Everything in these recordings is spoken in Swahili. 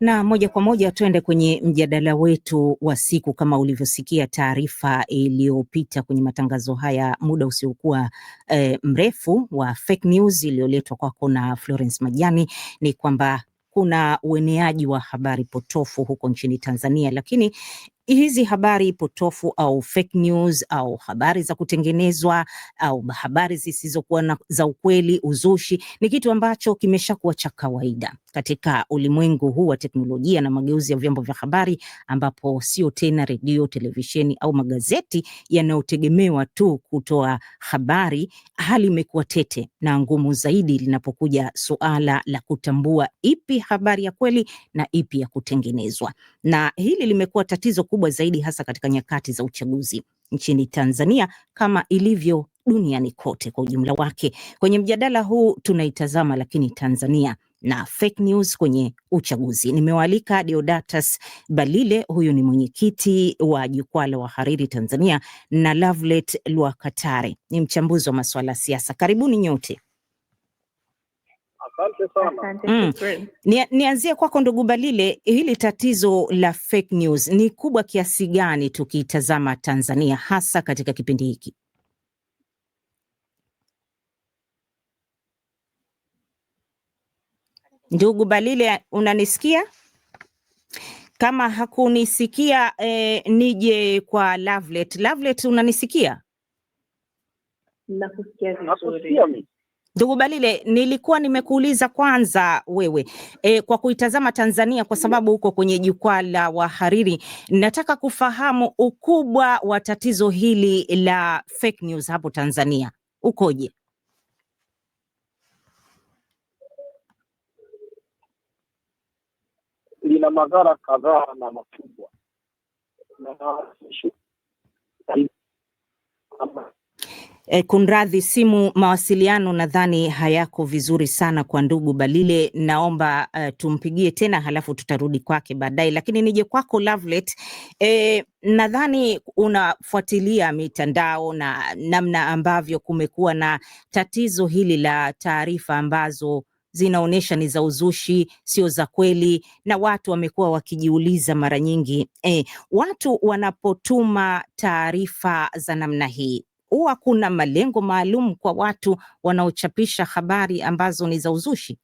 Na moja kwa moja tuende kwenye mjadala wetu wa siku. Kama ulivyosikia taarifa iliyopita kwenye matangazo haya muda usiokuwa e, mrefu wa fake news iliyoletwa kwako na Florence Majani, ni kwamba kuna ueneaji wa habari potofu huko nchini Tanzania, lakini hizi habari potofu au fake news au habari za kutengenezwa au habari zisizokuwa za ukweli, uzushi, ni kitu ambacho kimeshakuwa cha kawaida katika ulimwengu huu wa teknolojia na mageuzi ya vyombo vya habari ambapo sio tena redio, televisheni au magazeti yanayotegemewa tu kutoa habari, hali imekuwa tete na ngumu zaidi linapokuja suala la kutambua ipi habari ya kweli na ipi ya kutengenezwa. Na hili limekuwa tatizo kubwa zaidi hasa katika nyakati za uchaguzi nchini Tanzania kama ilivyo duniani kote kwa ujumla wake. Kwenye mjadala huu tunaitazama lakini Tanzania na fake news kwenye uchaguzi. Nimewaalika Deodatus Balile, huyu ni mwenyekiti wa jukwaa la wahariri Tanzania, na Lovelet Lwakatare ni mchambuzi wa masuala ya siasa. Karibuni nyote. Mm. Nianzie kwako ndugu Balile, hili tatizo la fake news ni kubwa kiasi gani tukitazama Tanzania hasa katika kipindi hiki? Ndugu Balile, unanisikia? Kama hakunisikia e, nije kwa Lovelet. Lovelet, unanisikia? Nakusikia vizuri. Ndugu Balile, nilikuwa nimekuuliza kwanza wewe e, kwa kuitazama Tanzania kwa sababu uko kwenye jukwaa la wahariri, nataka kufahamu ukubwa wa tatizo hili la fake news hapo Tanzania ukoje? ina madhara kadhaa na makubwa E, kunradhi, simu mawasiliano nadhani hayako vizuri sana kwa ndugu Balile. Naomba uh, tumpigie tena halafu tutarudi kwake baadaye, lakini nije kwako Lovelet. E, nadhani unafuatilia mitandao na namna ambavyo kumekuwa na tatizo hili la taarifa ambazo zinaonyesha ni za uzushi, sio za kweli, na watu wamekuwa wakijiuliza mara nyingi e, watu wanapotuma taarifa za namna hii huwa kuna malengo maalum kwa watu wanaochapisha habari ambazo ni za uzushi?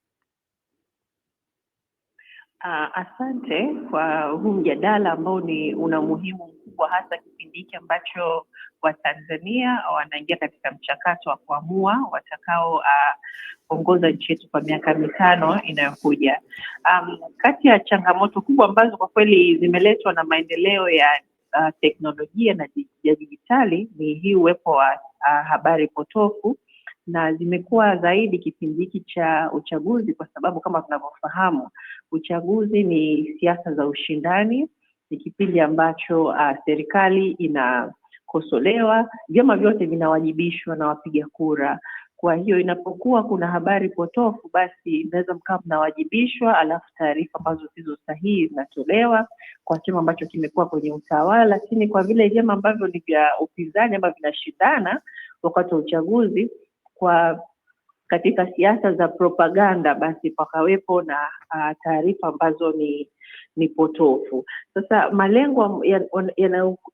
Uh, asante kwa huu mjadala ambao ni una umuhimu mkubwa hasa kipindi hiki ambacho Watanzania wanaingia katika mchakato wa kuamua watakaoongoza ah, uh, nchi yetu kwa miaka mitano inayokuja. Um, kati ya changamoto kubwa ambazo kwa kweli zimeletwa na maendeleo ya uh, teknolojia na ya dijitali ni hii uwepo wa uh, habari potofu na zimekuwa zaidi kipindi hiki cha uchaguzi, kwa sababu kama tunavyofahamu uchaguzi ni siasa za ushindani, ni kipindi ambacho uh, serikali inakosolewa, vyama vyote vinawajibishwa na wapiga kura. Kwa hiyo inapokuwa kuna habari potofu, basi inaweza mkawa mnawajibishwa, alafu taarifa ambazo sizo sahihi zinatolewa kwa chama ambacho kimekuwa kwenye utawala. Lakini kwa vile vyama ambavyo ni vya upinzani ama vinashindana wakati wa uchaguzi kwa katika siasa za propaganda, basi pakawepo na uh, taarifa ambazo ni ni potofu. Sasa malengo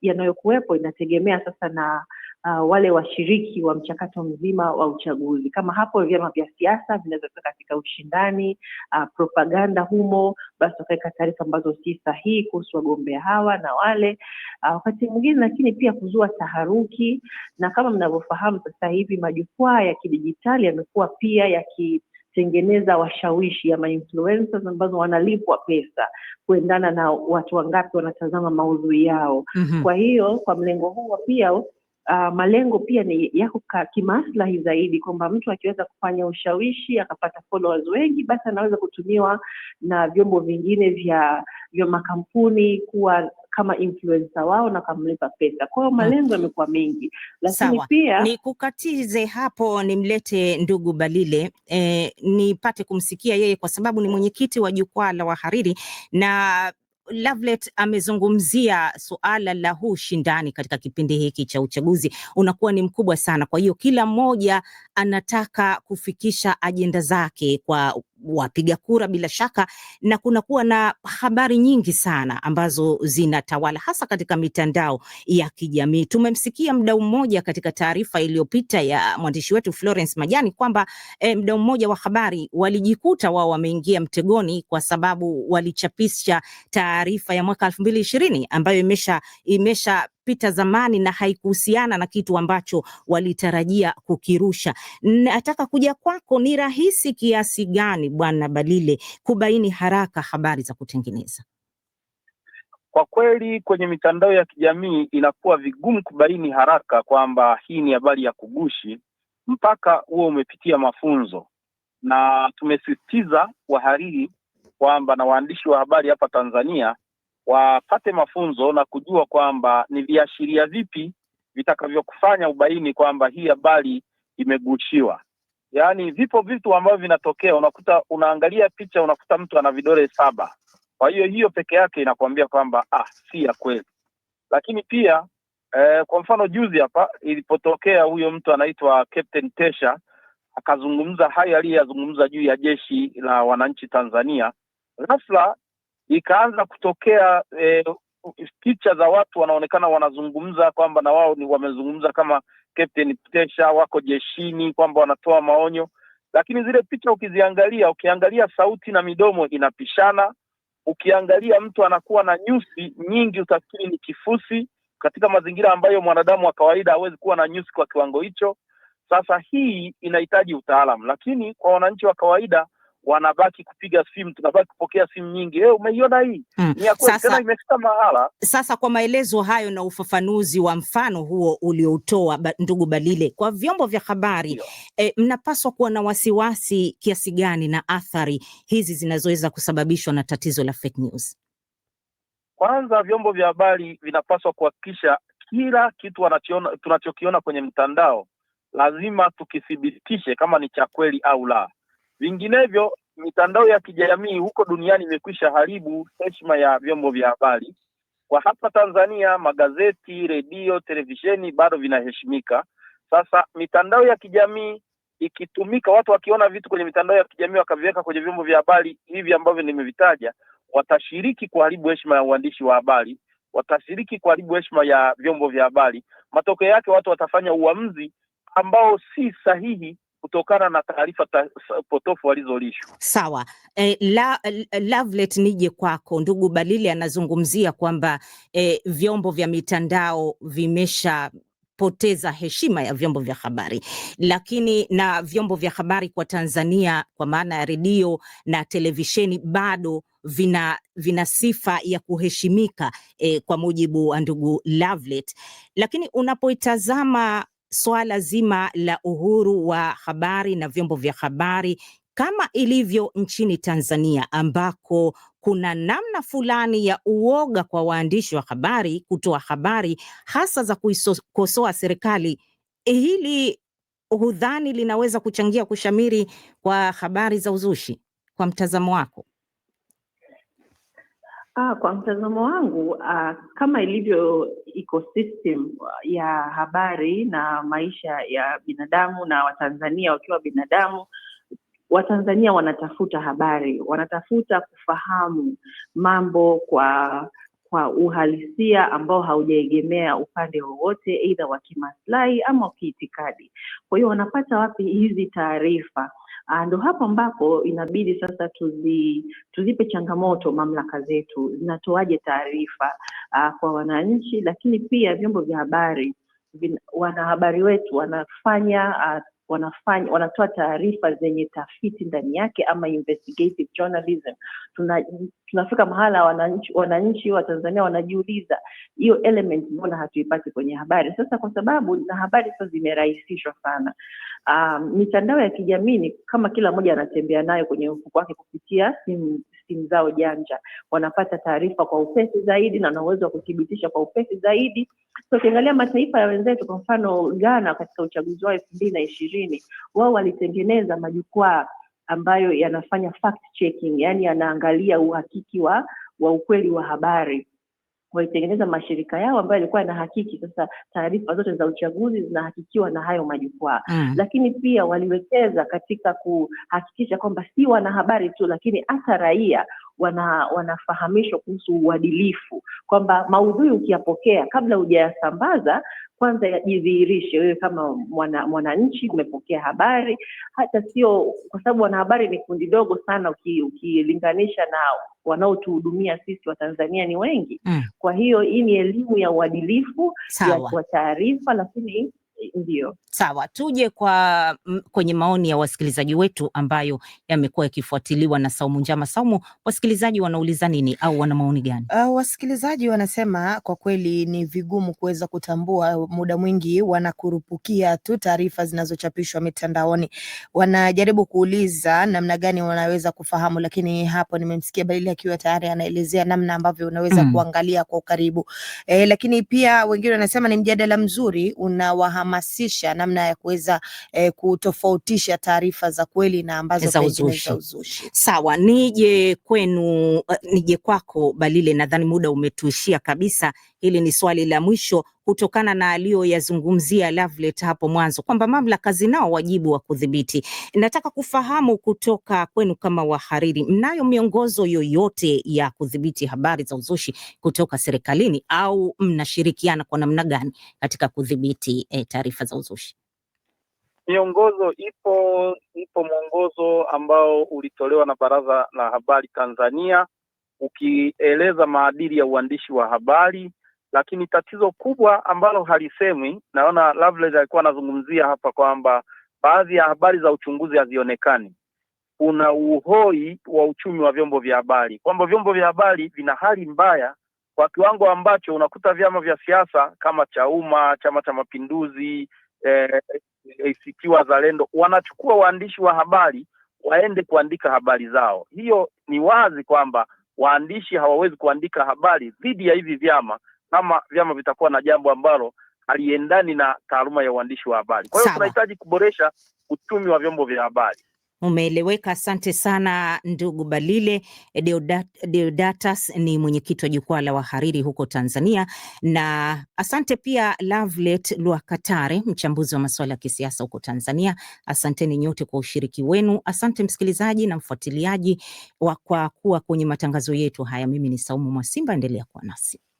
yanayokuwepo ya, ya inategemea sasa na uh, wale washiriki wa mchakato mzima wa uchaguzi. Kama hapo vyama vya siasa vinaweza katika ushindani uh, propaganda humo, basi wakaweka taarifa ambazo si sahihi kuhusu wagombea hawa na wale uh, wakati mwingine, lakini pia kuzua taharuki, na kama mnavyofahamu sasa hivi majukwaa ya kidijitali yamekuwa pia yaki tengeneza washawishi ama influencers ambazo wanalipwa pesa kuendana na watu wangapi wanatazama maudhui yao. mm -hmm. Kwa hiyo kwa mlengo huo pia uh, malengo pia ni yako kimaslahi zaidi, kwamba mtu akiweza kufanya ushawishi akapata followers wengi, basi anaweza kutumiwa na vyombo vingine vya vya makampuni kuwa kama influencer wao na kamlipa pesa. Kwa hiyo mm. malengo yamekuwa mengi, lakini sawa. Pia ni kukatize hapo, nimlete ndugu Balile eh, nipate kumsikia yeye kwa sababu ni mm. mwenyekiti wa jukwaa la wahariri na Lovelet amezungumzia suala la huu ushindani katika kipindi hiki cha uchaguzi unakuwa ni mkubwa sana. Kwa hiyo kila mmoja anataka kufikisha ajenda zake kwa wapiga kura bila shaka, na kunakuwa na habari nyingi sana ambazo zinatawala hasa katika mitandao ya kijamii. Tumemsikia mdau mmoja katika taarifa iliyopita ya mwandishi wetu Florence Majani kwamba e, mdau mmoja wa habari walijikuta wao wameingia mtegoni kwa sababu walichapisha taarifa ya mwaka elfu mbili ishirini ambayo imesha imesha ilipita zamani na haikuhusiana na kitu ambacho walitarajia kukirusha. Nataka kuja kwako, ni rahisi kiasi gani Bwana Balile kubaini haraka habari za kutengeneza? Kwa kweli kwenye mitandao ya kijamii inakuwa vigumu kubaini haraka kwamba hii ni habari ya kugushi, mpaka huo umepitia mafunzo, na tumesisitiza wahariri kwamba na waandishi wa habari hapa Tanzania wapate mafunzo na kujua kwamba ni viashiria vipi vitakavyokufanya ubaini kwamba hii habari imegushiwa. Yaani, vipo vitu ambavyo vinatokea, unakuta unaangalia picha, unakuta mtu ana vidole saba. Kwa hiyo hiyo peke yake inakuambia kwamba ah, si ya kweli. Lakini pia eh, kwa mfano juzi hapa ilipotokea huyo mtu anaitwa Captain Tesha akazungumza hayo aliyeyazungumza juu ya jeshi la wananchi Tanzania, ghafla ikaanza kutokea e, picha za watu wanaonekana wanazungumza kwamba na wao ni wamezungumza kama Captain Mtesha, wako jeshini, kwamba wanatoa maonyo, lakini zile picha ukiziangalia, ukiangalia sauti na midomo inapishana, ukiangalia mtu anakuwa na nyusi nyingi utafikiri ni kifusi, katika mazingira ambayo mwanadamu wa kawaida hawezi kuwa na nyusi kwa kiwango hicho. Sasa hii inahitaji utaalamu, lakini kwa wananchi wa kawaida wanabaki kupiga simu, tunabaki kupokea simu nyingi. E, umeiona hii mm. ni ya kweli tena, imefika mahala sasa. Kwa maelezo hayo na ufafanuzi wa mfano huo ulioutoa ba, ndugu Balile, kwa vyombo vya habari e, mnapaswa kuwa na wasiwasi kiasi gani na athari hizi zinazoweza kusababishwa na tatizo la fake news? Kwanza, vyombo vya habari vinapaswa kuhakikisha kila kitu tunachokiona kwenye mtandao lazima tukithibitishe kama ni cha kweli au la. Vinginevyo mitandao ya kijamii huko duniani imekwisha haribu heshima ya vyombo vya habari. Kwa hapa Tanzania, magazeti, redio, televisheni bado vinaheshimika. Sasa mitandao ya kijamii ikitumika, watu wakiona vitu kwenye mitandao ya kijamii wakaviweka kwenye vyombo vya habari hivi ambavyo nimevitaja, watashiriki kuharibu heshima ya uandishi wa habari, watashiriki kuharibu heshima ya vyombo vya habari. Matokeo yake watu watafanya uamuzi ambao si sahihi kutokana na taarifa ta, potofu walizolishwa. Sawa. E, la, Lovelet, nije kwako ndugu Balili anazungumzia kwamba e, vyombo vya mitandao vimesha poteza heshima ya vyombo vya habari, lakini na vyombo vya habari kwa Tanzania kwa maana ya redio na televisheni bado vina vina sifa ya kuheshimika eh, kwa mujibu wa ndugu Lovelet, lakini unapoitazama swala zima la uhuru wa habari na vyombo vya habari kama ilivyo nchini Tanzania ambako kuna namna fulani ya uoga kwa waandishi wa habari kutoa habari hasa za kuikosoa serikali. Hili hudhani linaweza kuchangia kushamiri kwa habari za uzushi kwa mtazamo wako? Ah, kwa mtazamo wangu ah, kama ilivyo ecosystem ah, ya habari na maisha ya binadamu na Watanzania wakiwa binadamu, Watanzania wanatafuta habari, wanatafuta kufahamu mambo kwa kwa uhalisia ambao haujaegemea upande wowote, aidha wa kimaslahi ama kiitikadi. Kwa hiyo wanapata wapi hizi taarifa? Ah, ndo hapo ambapo inabidi sasa tuzi, tuzipe changamoto mamlaka zetu, zinatoaje taarifa ah, kwa wananchi, lakini pia vyombo vya habari, wanahabari wetu wanafanya ah, wanafanya wanatoa taarifa zenye tafiti ndani yake ama investigative journalism. Tuna, tunafika mahala wananchi wananchi wa Tanzania wanajiuliza hiyo element mbona hatuipati kwenye habari? Sasa kwa sababu na habari sasa zimerahisishwa sana. Um, mitandao ya kijamii kama kila mmoja anatembea nayo kwenye mfuko wake kupitia simu simu zao janja, wanapata taarifa kwa upesi zaidi na wana uwezo wa kuthibitisha kwa upesi zaidi So, ukiangalia mataifa ya wenzetu kwa mfano Ghana katika uchaguzi wao elfu mbili na ishirini wao walitengeneza majukwaa ambayo yanafanya fact checking, yani yanaangalia uhakiki wa wa ukweli wa habari. Walitengeneza mashirika yao ambayo yalikuwa yanahakiki sasa taarifa zote za uchaguzi zinahakikiwa na hayo majukwaa mm. Lakini pia waliwekeza katika kuhakikisha kwamba si wanahabari tu, lakini hata raia wana, wanafahamishwa kuhusu uadilifu, kwamba maudhui ukiyapokea kabla hujayasambaza kwanza yajidhihirishe wewe kama mwana, mwananchi umepokea habari, hata sio kwa sababu wanahabari ni kundi dogo sana ukilinganisha uki na wanaotuhudumia sisi Watanzania ni wengi mm. Kwa hiyo hii ni elimu ya uadilifu ya kwa taarifa, lakini ndio, sawa. Tuje kwa mm, kwenye maoni ya wasikilizaji wetu ambayo yamekuwa yakifuatiliwa na Saumu Njama. Saumu, wasikilizaji wanauliza nini au wana maoni gani? Uh, wasikilizaji wanasema kwa kweli ni vigumu kuweza kutambua, muda mwingi wanakurupukia tu taarifa zinazochapishwa mitandaoni. Wanajaribu kuuliza namna gani wanaweza kufahamu, lakini hapo nimemsikia Baili akiwa tayari anaelezea namna ambavyo unaweza mm. kuangalia kwa ukaribu eh, lakini pia wengine wanasema ni mjadala mzuri unawahamasisha kuhamasisha namna ya kuweza eh, kutofautisha taarifa za kweli na ambazo za uzushi. Uzushi. Sawa, nije kwenu, eh, nije kwako Balile, nadhani muda umetuishia kabisa. Hili ni swali la mwisho kutokana na aliyoyazungumzia Lavlet hapo mwanzo kwamba mamlaka zinao wajibu wa kudhibiti. Nataka kufahamu kutoka kwenu kama wahariri, mnayo miongozo yoyote ya kudhibiti habari za uzushi kutoka serikalini au mnashirikiana kwa namna gani katika kudhibiti eh, taarifa za uzushi? Miongozo ipo, ipo mwongozo ambao ulitolewa na Baraza la Habari Tanzania ukieleza maadili ya uandishi wa habari lakini tatizo kubwa ambalo halisemwi, naona Lovelace alikuwa anazungumzia hapa kwamba baadhi ya habari za uchunguzi hazionekani. Kuna uhoi wa uchumi wa vyombo vya habari, kwamba vyombo vya habari vina hali mbaya kwa kiwango ambacho unakuta vyama vya siasa kama cha umma Chama cha Mapinduzi, eh, Wazalendo wanachukua waandishi wa habari waende kuandika habari zao. Hiyo ni wazi kwamba waandishi hawawezi kuandika habari dhidi ya hivi vyama, ama vyama vitakuwa na jambo ambalo haliendani na taaluma ya uandishi wa habari. Kwa hiyo tunahitaji kuboresha uchumi wa vyombo vya habari. Umeeleweka, asante sana ndugu Balile. Deodatus ni mwenyekiti wa jukwaa la wahariri huko Tanzania, na asante pia Lavlet Lwakatare, mchambuzi wa masuala ya kisiasa huko Tanzania. Asanteni nyote kwa ushiriki wenu. Asante msikilizaji na mfuatiliaji kwa kuwa kwenye matangazo yetu haya. Mimi ni Saumu Mwasimba, endelea kuwa nasi.